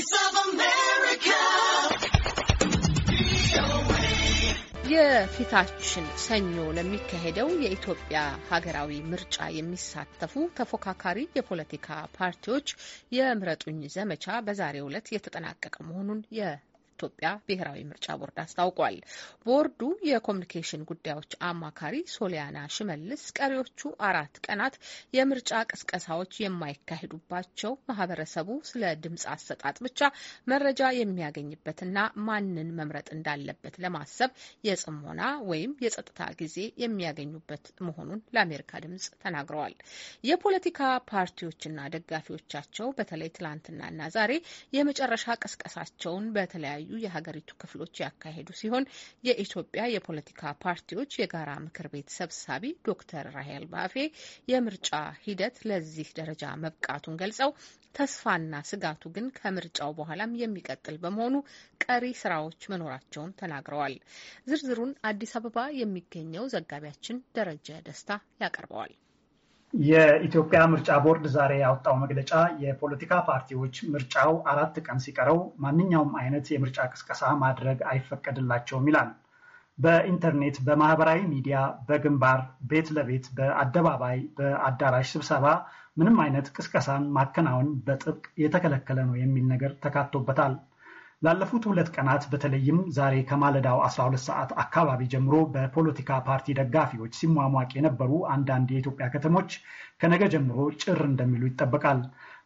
Voice of America. የፊታችን ሰኞ ለሚካሄደው የኢትዮጵያ ሀገራዊ ምርጫ የሚሳተፉ ተፎካካሪ የፖለቲካ ፓርቲዎች የምረጡኝ ዘመቻ በዛሬው ዕለት የተጠናቀቀ መሆኑን የኢትዮጵያ ብሔራዊ ምርጫ ቦርድ አስታውቋል። ቦርዱ የኮሚኒኬሽን ጉዳዮች አማካሪ ሶሊያና ሽመልስ ቀሪዎቹ አራት ቀናት የምርጫ ቅስቀሳዎች የማይካሄዱባቸው ማህበረሰቡ ስለ ድምፅ አሰጣጥ ብቻ መረጃ የሚያገኝበትና ማንን መምረጥ እንዳለበት ለማሰብ የጽሞና ወይም የጸጥታ ጊዜ የሚያገኙበት መሆኑን ለአሜሪካ ድምጽ ተናግረዋል። የፖለቲካ ፓርቲዎችና ደጋፊዎቻቸው በተለይ ትላንትናና ዛሬ የመጨረሻ ቀስቀሳቸውን በተለያዩ በተለያዩ የሀገሪቱ ክፍሎች ያካሄዱ ሲሆን የኢትዮጵያ የፖለቲካ ፓርቲዎች የጋራ ምክር ቤት ሰብሳቢ ዶክተር ራሄል ባፌ የምርጫ ሂደት ለዚህ ደረጃ መብቃቱን ገልጸው ተስፋና ስጋቱ ግን ከምርጫው በኋላም የሚቀጥል በመሆኑ ቀሪ ስራዎች መኖራቸውን ተናግረዋል። ዝርዝሩን አዲስ አበባ የሚገኘው ዘጋቢያችን ደረጀ ደስታ ያቀርበዋል። የኢትዮጵያ ምርጫ ቦርድ ዛሬ ያወጣው መግለጫ የፖለቲካ ፓርቲዎች ምርጫው አራት ቀን ሲቀረው ማንኛውም አይነት የምርጫ ቅስቀሳ ማድረግ አይፈቀድላቸውም ይላል። በኢንተርኔት፣ በማህበራዊ ሚዲያ፣ በግንባር፣ ቤት ለቤት፣ በአደባባይ፣ በአዳራሽ ስብሰባ ምንም አይነት ቅስቀሳን ማከናወን በጥብቅ የተከለከለ ነው የሚል ነገር ተካቶበታል። ላለፉት ሁለት ቀናት በተለይም ዛሬ ከማለዳው 12 ሰዓት አካባቢ ጀምሮ በፖለቲካ ፓርቲ ደጋፊዎች ሲሟሟቅ የነበሩ አንዳንድ የኢትዮጵያ ከተሞች ከነገ ጀምሮ ጭር እንደሚሉ ይጠበቃል።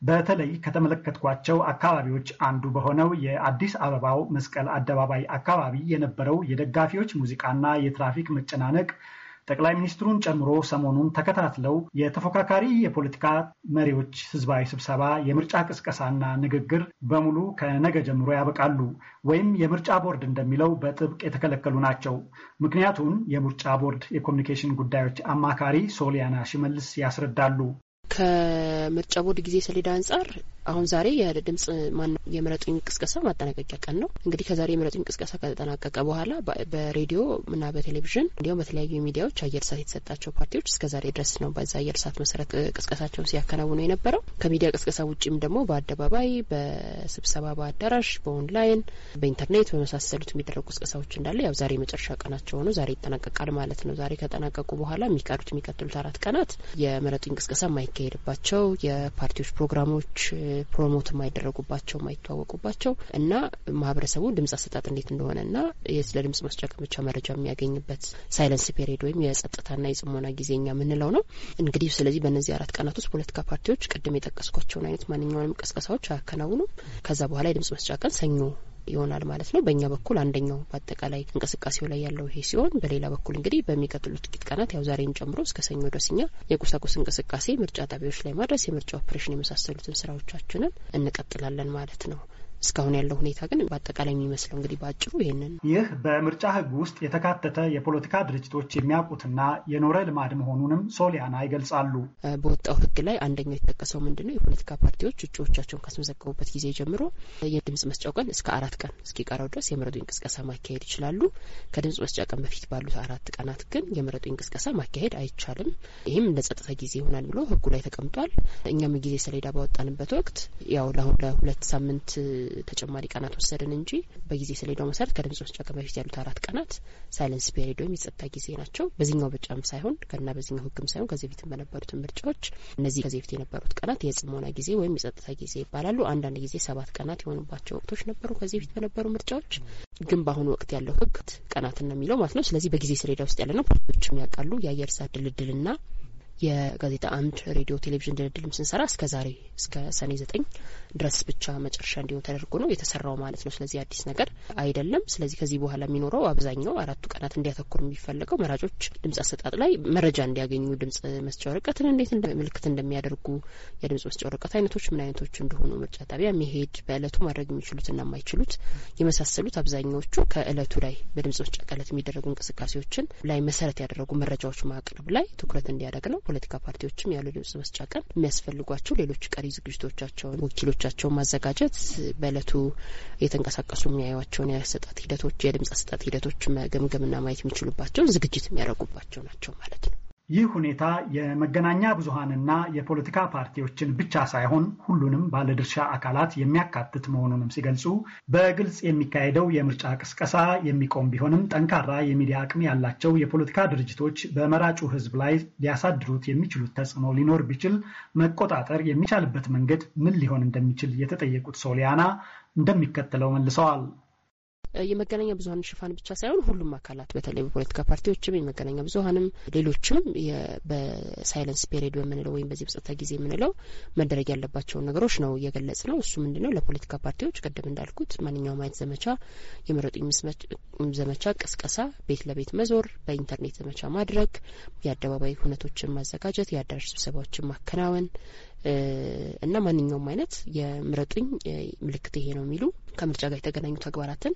በተለይ ከተመለከትኳቸው አካባቢዎች አንዱ በሆነው የአዲስ አበባው መስቀል አደባባይ አካባቢ የነበረው የደጋፊዎች ሙዚቃና የትራፊክ መጨናነቅ ጠቅላይ ሚኒስትሩን ጨምሮ ሰሞኑን ተከታትለው የተፎካካሪ የፖለቲካ መሪዎች ህዝባዊ ስብሰባ፣ የምርጫ ቅስቀሳና ንግግር በሙሉ ከነገ ጀምሮ ያበቃሉ ወይም የምርጫ ቦርድ እንደሚለው በጥብቅ የተከለከሉ ናቸው። ምክንያቱን የምርጫ ቦርድ የኮሚኒኬሽን ጉዳዮች አማካሪ ሶሊያና ሽመልስ ያስረዳሉ። ከምርጫ ቦርድ ጊዜ ሰሌዳ አንጻር አሁን ዛሬ የድምጽ ማን የምረጡኝ ቅስቀሳ ማጠናቀቂያ ቀን ነው። እንግዲህ ከዛሬ የምረጡኝ ቅስቀሳ ከተጠናቀቀ በኋላ በሬዲዮ እና በቴሌቪዥን እንዲሁም በተለያዩ ሚዲያዎች አየር ሰዓት የተሰጣቸው ፓርቲዎች እስከ ዛሬ ድረስ ነው በዛ አየር ሰዓት መሰረት ቅስቀሳቸውን ሲያከናውኑ የነበረው። ከሚዲያ ቅስቀሳ ውጭም ደግሞ በአደባባይ፣ በስብሰባ፣ በአዳራሽ፣ በኦንላይን፣ በኢንተርኔት በመሳሰሉት የሚደረጉ ቅስቀሳዎች እንዳለ ያው ዛሬ መጨረሻ ቀናቸው ሆኖ ዛሬ ይጠናቀቃል ማለት ነው። ዛሬ ከጠናቀቁ በኋላ የሚቀሩት የሚቀጥሉት አራት ቀናት የምረጡኝ ቅስቀሳ ማይካሄድ የማይካሄድባቸው የፓርቲዎች ፕሮግራሞች ፕሮሞት የማይደረጉባቸው የማይተዋወቁባቸው እና ማህበረሰቡ ድምጽ አሰጣጥ እንዴት እንደሆነ እና ስለ ድምጽ መስጫ ቅምቻ መረጃ የሚያገኝበት ሳይለንስ ፔሪድ ወይም የጸጥታና የጽሞና ጊዜኛ የምንለው ነው። እንግዲህ ስለዚህ በእነዚህ አራት ቀናት ውስጥ ፖለቲካ ፓርቲዎች ቅድም የጠቀስኳቸውን አይነት ማንኛውንም ቀስቀሳዎች አያከናውኑም። ከዛ በኋላ የድምጽ መስጫ ቀን ሰኞ ይሆናል ማለት ነው። በእኛ በኩል አንደኛው በአጠቃላይ እንቅስቃሴው ላይ ያለው ይሄ ሲሆን፣ በሌላ በኩል እንግዲህ በሚቀጥሉት ጥቂት ቀናት ያው ዛሬን ጨምሮ እስከ ሰኞ ድረስ እኛ የቁሳቁስ እንቅስቃሴ ምርጫ ጣቢያዎች ላይ ማድረስ፣ የምርጫ ኦፕሬሽን የመሳሰሉትን ስራዎቻችንን እንቀጥላለን ማለት ነው። እስካሁን ያለው ሁኔታ ግን በአጠቃላይ የሚመስለው እንግዲህ በአጭሩ ይህንን ይህ በምርጫ ህግ ውስጥ የተካተተ የፖለቲካ ድርጅቶች የሚያውቁትና የኖረ ልማድ መሆኑንም ሶሊያና ይገልጻሉ። በወጣው ህግ ላይ አንደኛው የተጠቀሰው ምንድነው የፖለቲካ ፓርቲዎች እጩዎቻቸውን ካስመዘገቡበት ጊዜ ጀምሮ የድምጽ መስጫው ቀን እስከ አራት ቀን እስኪቀረው ድረስ የምረጡኝ ቅስቀሳ ማካሄድ ይችላሉ። ከድምጽ መስጫ ቀን በፊት ባሉት አራት ቀናት ግን የምረጡ እንቅስቀሳ ማካሄድ አይቻልም። ይህም ለጸጥታ ጊዜ ይሆናል ብሎ ህጉ ላይ ተቀምጧል። እኛም ጊዜ ሰሌዳ ባወጣንበት ወቅት ያው ለሁለት ሳምንት ተጨማሪ ቀናት ወሰድን እንጂ በጊዜ ሰሌዳው መሰረት ከድምጽ መስጫ ቀን በፊት ያሉት አራት ቀናት ሳይለንስ ፔሪድ ወይም የጸጥታ ጊዜ ናቸው። በዚህኛው ብቻም ሳይሆን ከና በዚህኛው ህግም ሳይሆን ከዚህ በፊት በነበሩትን ምርጫዎች እነዚህ ከዚህ በፊት የነበሩት ቀናት የጽሞና ጊዜ ወይም የጸጥታ ጊዜ ይባላሉ። አንዳንድ ጊዜ ሰባት ቀናት የሆኑባቸው ወቅቶች ነበሩ ከዚህ በፊት በነበሩ ምርጫዎች። ግን በአሁኑ ወቅት ያለው ህግ ቀናትን ነው የሚለው ማለት ነው። ስለዚህ በጊዜ ሰሌዳ ውስጥ ያለ ነው። ያውቃሉ የአየር ሰዓት ድልድልና የጋዜጣ አምድ ሬዲዮ ቴሌቪዥን ድርድልም ስንሰራ እስከ ዛሬ እስከ ሰኔ ዘጠኝ ድረስ ብቻ መጨረሻ እንዲሆን ተደርጎ ነው የተሰራው ማለት ነው። ስለዚህ አዲስ ነገር አይደለም። ስለዚህ ከዚህ በኋላ የሚኖረው አብዛኛው አራቱ ቀናት እንዲያተኩር የሚፈለገው መራጮች ድምጽ አሰጣጥ ላይ መረጃ እንዲያገኙ ድምጽ መስጫ ወረቀትን እንዴት ምልክት እንደሚያደርጉ፣ የድምጽ መስጫ ወረቀት አይነቶች ምን አይነቶች እንደሆኑ፣ ምርጫ ጣቢያ መሄድ፣ በእለቱ ማድረግ የሚችሉትና የማይችሉት የመሳሰሉት አብዛኛዎቹ ከእለቱ ላይ በድምጽ መስጫ ቀለት የሚደረጉ እንቅስቃሴዎችን ላይ መሰረት ያደረጉ መረጃዎች ማቅረብ ላይ ትኩረት እንዲያደርግ ነው። ፖለቲካ ፓርቲዎችም ያሉ ድምጽ መስጫ ቀን የሚያስፈልጓቸው ሌሎች ቀሪ ዝግጅቶቻቸውን ወኪሎቻቸውን ማዘጋጀት በእለቱ የተንቀሳቀሱ የሚያዩቸውን የአሰጣት ሂደቶች የድምጽ አሰጣት ሂደቶች መገምገምና ማየት የሚችሉባቸውን ዝግጅት የሚያደርጉባቸው ናቸው ማለት ነው። ይህ ሁኔታ የመገናኛ ብዙሃንና የፖለቲካ ፓርቲዎችን ብቻ ሳይሆን ሁሉንም ባለድርሻ አካላት የሚያካትት መሆኑንም ሲገልጹ በግልጽ የሚካሄደው የምርጫ ቅስቀሳ የሚቆም ቢሆንም ጠንካራ የሚዲያ አቅም ያላቸው የፖለቲካ ድርጅቶች በመራጩ ሕዝብ ላይ ሊያሳድሩት የሚችሉት ተጽዕኖ ሊኖር ቢችል መቆጣጠር የሚቻልበት መንገድ ምን ሊሆን እንደሚችል የተጠየቁት ሶሊያና እንደሚከተለው መልሰዋል። የመገናኛ ብዙኃን ሽፋን ብቻ ሳይሆን ሁሉም አካላት በተለይ በፖለቲካ ፓርቲዎችም የመገናኛ ብዙሀንም ሌሎችም በሳይለንስ ፔሪድ በምንለው ወይም በዚህ ብጽታ ጊዜ የምንለው መደረግ ያለባቸውን ነገሮች ነው እየገለጽ ነው። እሱ ምንድነው ለፖለቲካ ፓርቲዎች ቅድም እንዳልኩት ማንኛውም አይነት ዘመቻ፣ የምረጡኝ ዘመቻ ቅስቀሳ፣ ቤት ለቤት መዞር፣ በኢንተርኔት ዘመቻ ማድረግ፣ የአደባባይ ሁነቶችን ማዘጋጀት፣ የአዳራሽ ስብሰባዎችን ማከናወን እና ማንኛውም አይነት የምረጡኝ ምልክት ይሄ ነው የሚሉ ከምርጫ ጋር የተገናኙ ተግባራትን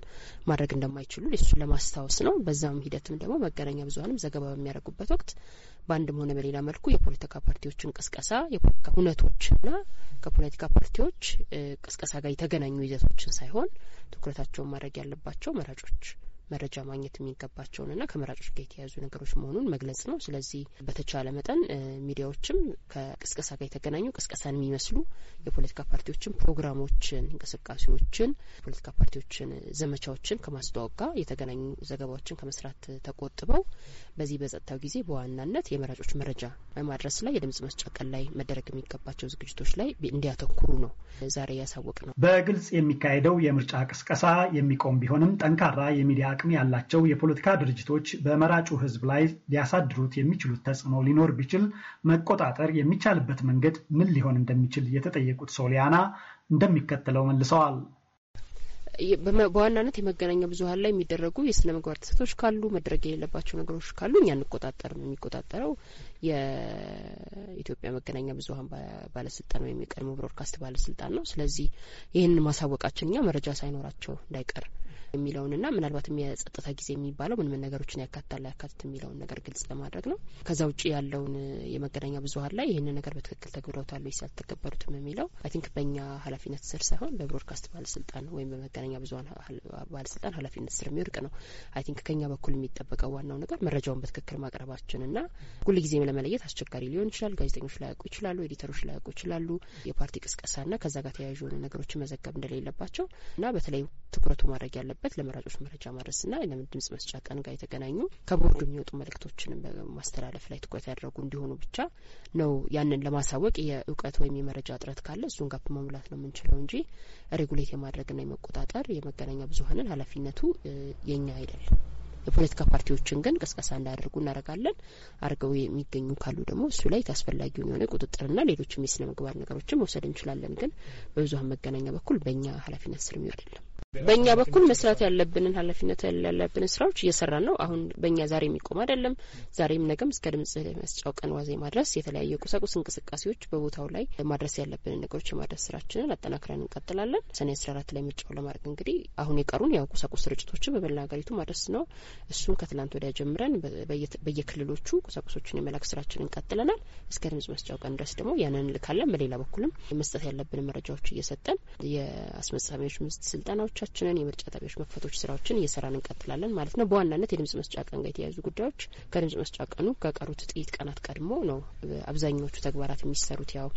ማድረግ እንደማይችሉ እሱን ለማስታወስ ነው። በዛም ሂደትም ደግሞ መገናኛ ብዙሀንም ዘገባ በሚያደርጉበት ወቅት በአንድም ሆነ በሌላ መልኩ የፖለቲካ ፓርቲዎች እንቅስቀሳ፣ የፖለቲካ እና ከፖለቲካ ፓርቲዎች ቅስቀሳ ጋር የተገናኙ ይዘቶችን ሳይሆን ትኩረታቸውን ማድረግ ያለባቸው መራጮች መረጃ ማግኘት የሚገባቸውንና ከመራጮች ጋር የተያዙ ነገሮች መሆኑን መግለጽ ነው። ስለዚህ በተቻለ መጠን ሚዲያዎችም ከቅስቀሳ ጋር የተገናኙ ቅስቀሳን የሚመስሉ የፖለቲካ ፓርቲዎችን ፕሮግራሞችን፣ እንቅስቃሴዎችን፣ ፖለቲካ ፓርቲዎችን ዘመቻዎችን ከማስተዋወቅ ጋር የተገናኙ ዘገባዎችን ከመስራት ተቆጥበው በዚህ በጸጥታው ጊዜ በዋናነት የመራጮች መረጃ ማድረስ ላይ የድምጽ መስጫ ቀን ላይ መደረግ የሚገባቸው ዝግጅቶች ላይ እንዲያተኩሩ ነው ዛሬ ያሳወቅ ነው። በግልጽ የሚካሄደው የምርጫ ቅስቀሳ የሚቆም ቢሆንም ጠንካራ የሚዲያ አቅም ያላቸው የፖለቲካ ድርጅቶች በመራጩ ሕዝብ ላይ ሊያሳድሩት የሚችሉት ተጽዕኖ ሊኖር ቢችል መቆጣጠር የሚቻልበት መንገድ ምን ሊሆን እንደሚችል የተጠየቁት ሶሊያና እንደሚከተለው መልሰዋል። በዋናነት የመገናኛ ብዙኃን ላይ የሚደረጉ የስነ ምግባር ጥሰቶች ካሉ መድረግ የሌለባቸው ነገሮች ካሉ እኛ እንቆጣጠርም። የሚቆጣጠረው የኢትዮጵያ መገናኛ ብዙኃን ባለስልጣን ወይም የቀድሞ ብሮድካስት ባለስልጣን ነው። ስለዚህ ይህንን ማሳወቃችን እኛ መረጃ ሳይኖራቸው እንዳይቀር የሚለውንና ምናልባትም የጸጥታ ጊዜ የሚባለው ምን ምን ነገሮችን ያካትታል ያካትት የሚለውን ነገር ግልጽ ለማድረግ ነው። ከዛ ውጭ ያለውን የመገናኛ ብዙኃን ላይ ይህንን ነገር በትክክል ተግብረውታል ወይስ የሚለው አይ ቲንክ በእኛ ኃላፊነት ስር ሳይሆን በብሮድካስት ባለስልጣን ወይም በመገናኛ ብዙኃን ባለስልጣን ኃላፊነት ስር የሚወድቅ ነው። አይ ቲንክ ከኛ በኩል የሚጠበቀው ዋናው ነገር መረጃውን በትክክል ማቅረባችንና ሁል ጊዜም ለመለየት አስቸጋሪ ሊሆን ይችላል። ጋዜጠኞች ላያውቁ ይችላሉ። ኤዲተሮች ላያውቁ ይችላሉ። የፓርቲ ቅስቀሳና ከዛ ጋር ተያያዥ የሆኑ ነገሮችን መዘገብ እንደሌለባቸው እና በተለይ ትኩረቱ ማድረግ ያለ እንዳለበት ለመራጮች መረጃ ማድረስና ለምን ድምጽ መስጫ ቀን ጋር የተገናኙ ከቦርዱ የሚወጡ መልእክቶችንም በማስተላለፍ ላይ ትኩረት ያደረጉ እንዲሆኑ ብቻ ነው። ያንን ለማሳወቅ የእውቀት ወይም የመረጃ እጥረት ካለ እሱን ጋፕ መሙላት ነው የምንችለው እንጂ ሬጉሌት የማድረግና የመቆጣጠር የመገናኛ ብዙሀንን ኃላፊነቱ የኛ አይደለም። የፖለቲካ ፓርቲዎችን ግን ቅስቀሳ እንዳያደርጉ እናደርጋለን። አድርገው የሚገኙ ካሉ ደግሞ እሱ ላይ አስፈላጊውን የሆነ ቁጥጥርና ሌሎችም የስነ ምግባር ነገሮችን መውሰድ እንችላለን። ግን በብዙሀን መገናኛ በኩል በእኛ ኃላፊነት ስር የሚው አይደለም። በእኛ በኩል መስራት ያለብንን ኃላፊነት ያለብንን ስራዎች እየሰራን ነው። አሁን በእኛ ዛሬ የሚቆም አይደለም። ዛሬም ነገም እስከ ድምጽ መስጫው ቀን ዋዜማ ድረስ የተለያዩ ቁሳቁስ እንቅስቃሴዎች በቦታው ላይ ማድረስ ያለብንን ነገሮች የማድረስ ስራችንን አጠናክረን እንቀጥላለን። ሰኔ አስራ አራት ላይ ምርጫው ለማድረግ እንግዲህ አሁን የቀሩን ያው ቁሳቁስ ስርጭቶችን በመላ ሀገሪቱ ማድረስ ነው። እሱን ከትላንት ወዲያ ጀምረን በየክልሎቹ ቁሳቁሶችን የመላክ ስራችን እንቀጥለናል። እስከ ድምጽ መስጫው ቀን ድረስ ደግሞ ያንን እንልካለን። በሌላ በኩልም መስጠት ያለብን መረጃዎች እየሰጠን የአስመጻሚዎች ምስት ስልጠናዎች ጣቢያዎቻችንን የምርጫ ጣቢያዎች መክፈቶች ስራዎችን እየሰራን እንቀጥላለን ማለት ነው። በዋናነት የድምጽ መስጫ ቀን ጋር የተያያዙ ጉዳዮች ከድምጽ መስጫ ቀኑ ከቀሩት ጥቂት ቀናት ቀድሞ ነው አብዛኛዎቹ ተግባራት የሚሰሩት ያው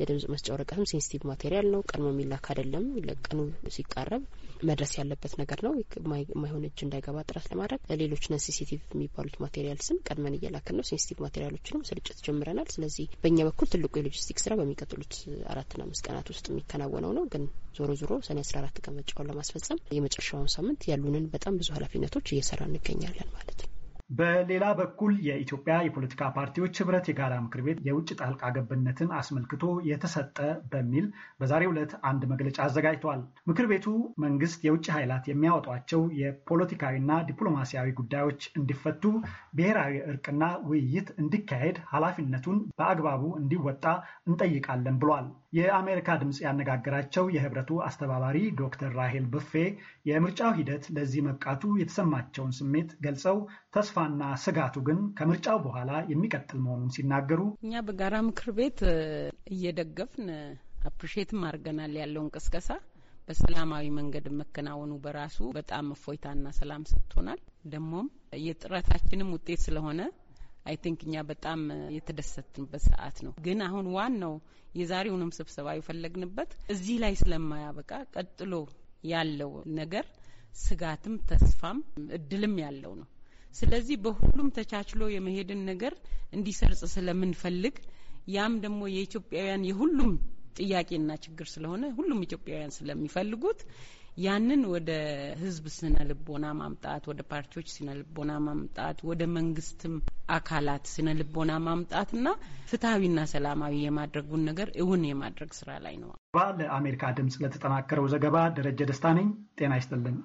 የድምጽ መስጫ ወረቀትም ሴንሲቲቭ ማቴሪያል ነው። ቀድሞ የሚላክ አይደለም። ለቀኑ ሲቃረብ መድረስ ያለበት ነገር ነው። ማይሆን እጅ እንዳይገባ ጥረት ለማድረግ ሌሎች ነን የሚባሉት ማቴሪያልስም ቀድመን እየላክን ነው። ሴንሲቲቭ ማቴሪያሎችንም ስርጭት ጀምረናል። ስለዚህ በእኛ በኩል ትልቁ የሎጂስቲክ ስራ በሚቀጥሉት አራትና አምስት ቀናት ውስጥ የሚከናወነው ነው። ግን ዞሮ ዞሮ ሰኔ አስራ አራት ቀን መጫውን ለማስፈጸም የመጨረሻውን ሳምንት ያሉንን በጣም ብዙ ኃላፊነቶች እየሰራ እንገኛለን ማለት ነው። በሌላ በኩል የኢትዮጵያ የፖለቲካ ፓርቲዎች ህብረት የጋራ ምክር ቤት የውጭ ጣልቃ ገብነትን አስመልክቶ የተሰጠ በሚል በዛሬው ዕለት አንድ መግለጫ አዘጋጅተዋል። ምክር ቤቱ መንግስት የውጭ ኃይላት የሚያወጧቸው የፖለቲካዊና ዲፕሎማሲያዊ ጉዳዮች እንዲፈቱ፣ ብሔራዊ እርቅና ውይይት እንዲካሄድ ኃላፊነቱን በአግባቡ እንዲወጣ እንጠይቃለን ብሏል። የአሜሪካ ድምፅ ያነጋገራቸው የህብረቱ አስተባባሪ ዶክተር ራሄል ብፌ የምርጫው ሂደት ለዚህ መብቃቱ የተሰማቸውን ስሜት ገልጸው ተስፋ ተስፋና ስጋቱ ግን ከምርጫው በኋላ የሚቀጥል መሆኑን ሲናገሩ እኛ በጋራ ምክር ቤት እየደገፍን አፕሪሼትም አድርገናል ያለውን ቅስቀሳ በሰላማዊ መንገድ መከናወኑ በራሱ በጣም እፎይታና ሰላም ሰጥቶናል። ደግሞም የጥረታችንም ውጤት ስለሆነ አይ ቲንክ እኛ በጣም የተደሰትንበት ሰዓት ነው። ግን አሁን ዋናው የዛሬውንም ስብሰባ የፈለግንበት እዚህ ላይ ስለማያበቃ ቀጥሎ ያለው ነገር ስጋትም ተስፋም እድልም ያለው ነው። ስለዚህ በሁሉም ተቻችሎ የመሄድን ነገር እንዲሰርጽ ስለምንፈልግ ያም ደግሞ የኢትዮጵያውያን የሁሉም ጥያቄና ችግር ስለሆነ ሁሉም ኢትዮጵያውያን ስለሚፈልጉት ያንን ወደ ህዝብ ስነ ልቦና ማምጣት፣ ወደ ፓርቲዎች ስነ ልቦና ማምጣት፣ ወደ መንግስትም አካላት ስነ ልቦና ማምጣትና ፍትሐዊና ሰላማዊ የማድረጉን ነገር እውን የማድረግ ስራ ላይ ነው። ለአሜሪካ ድምጽ ለተጠናከረው ዘገባ ደረጀ ደስታ ነኝ። ጤና ይስጥልኝ።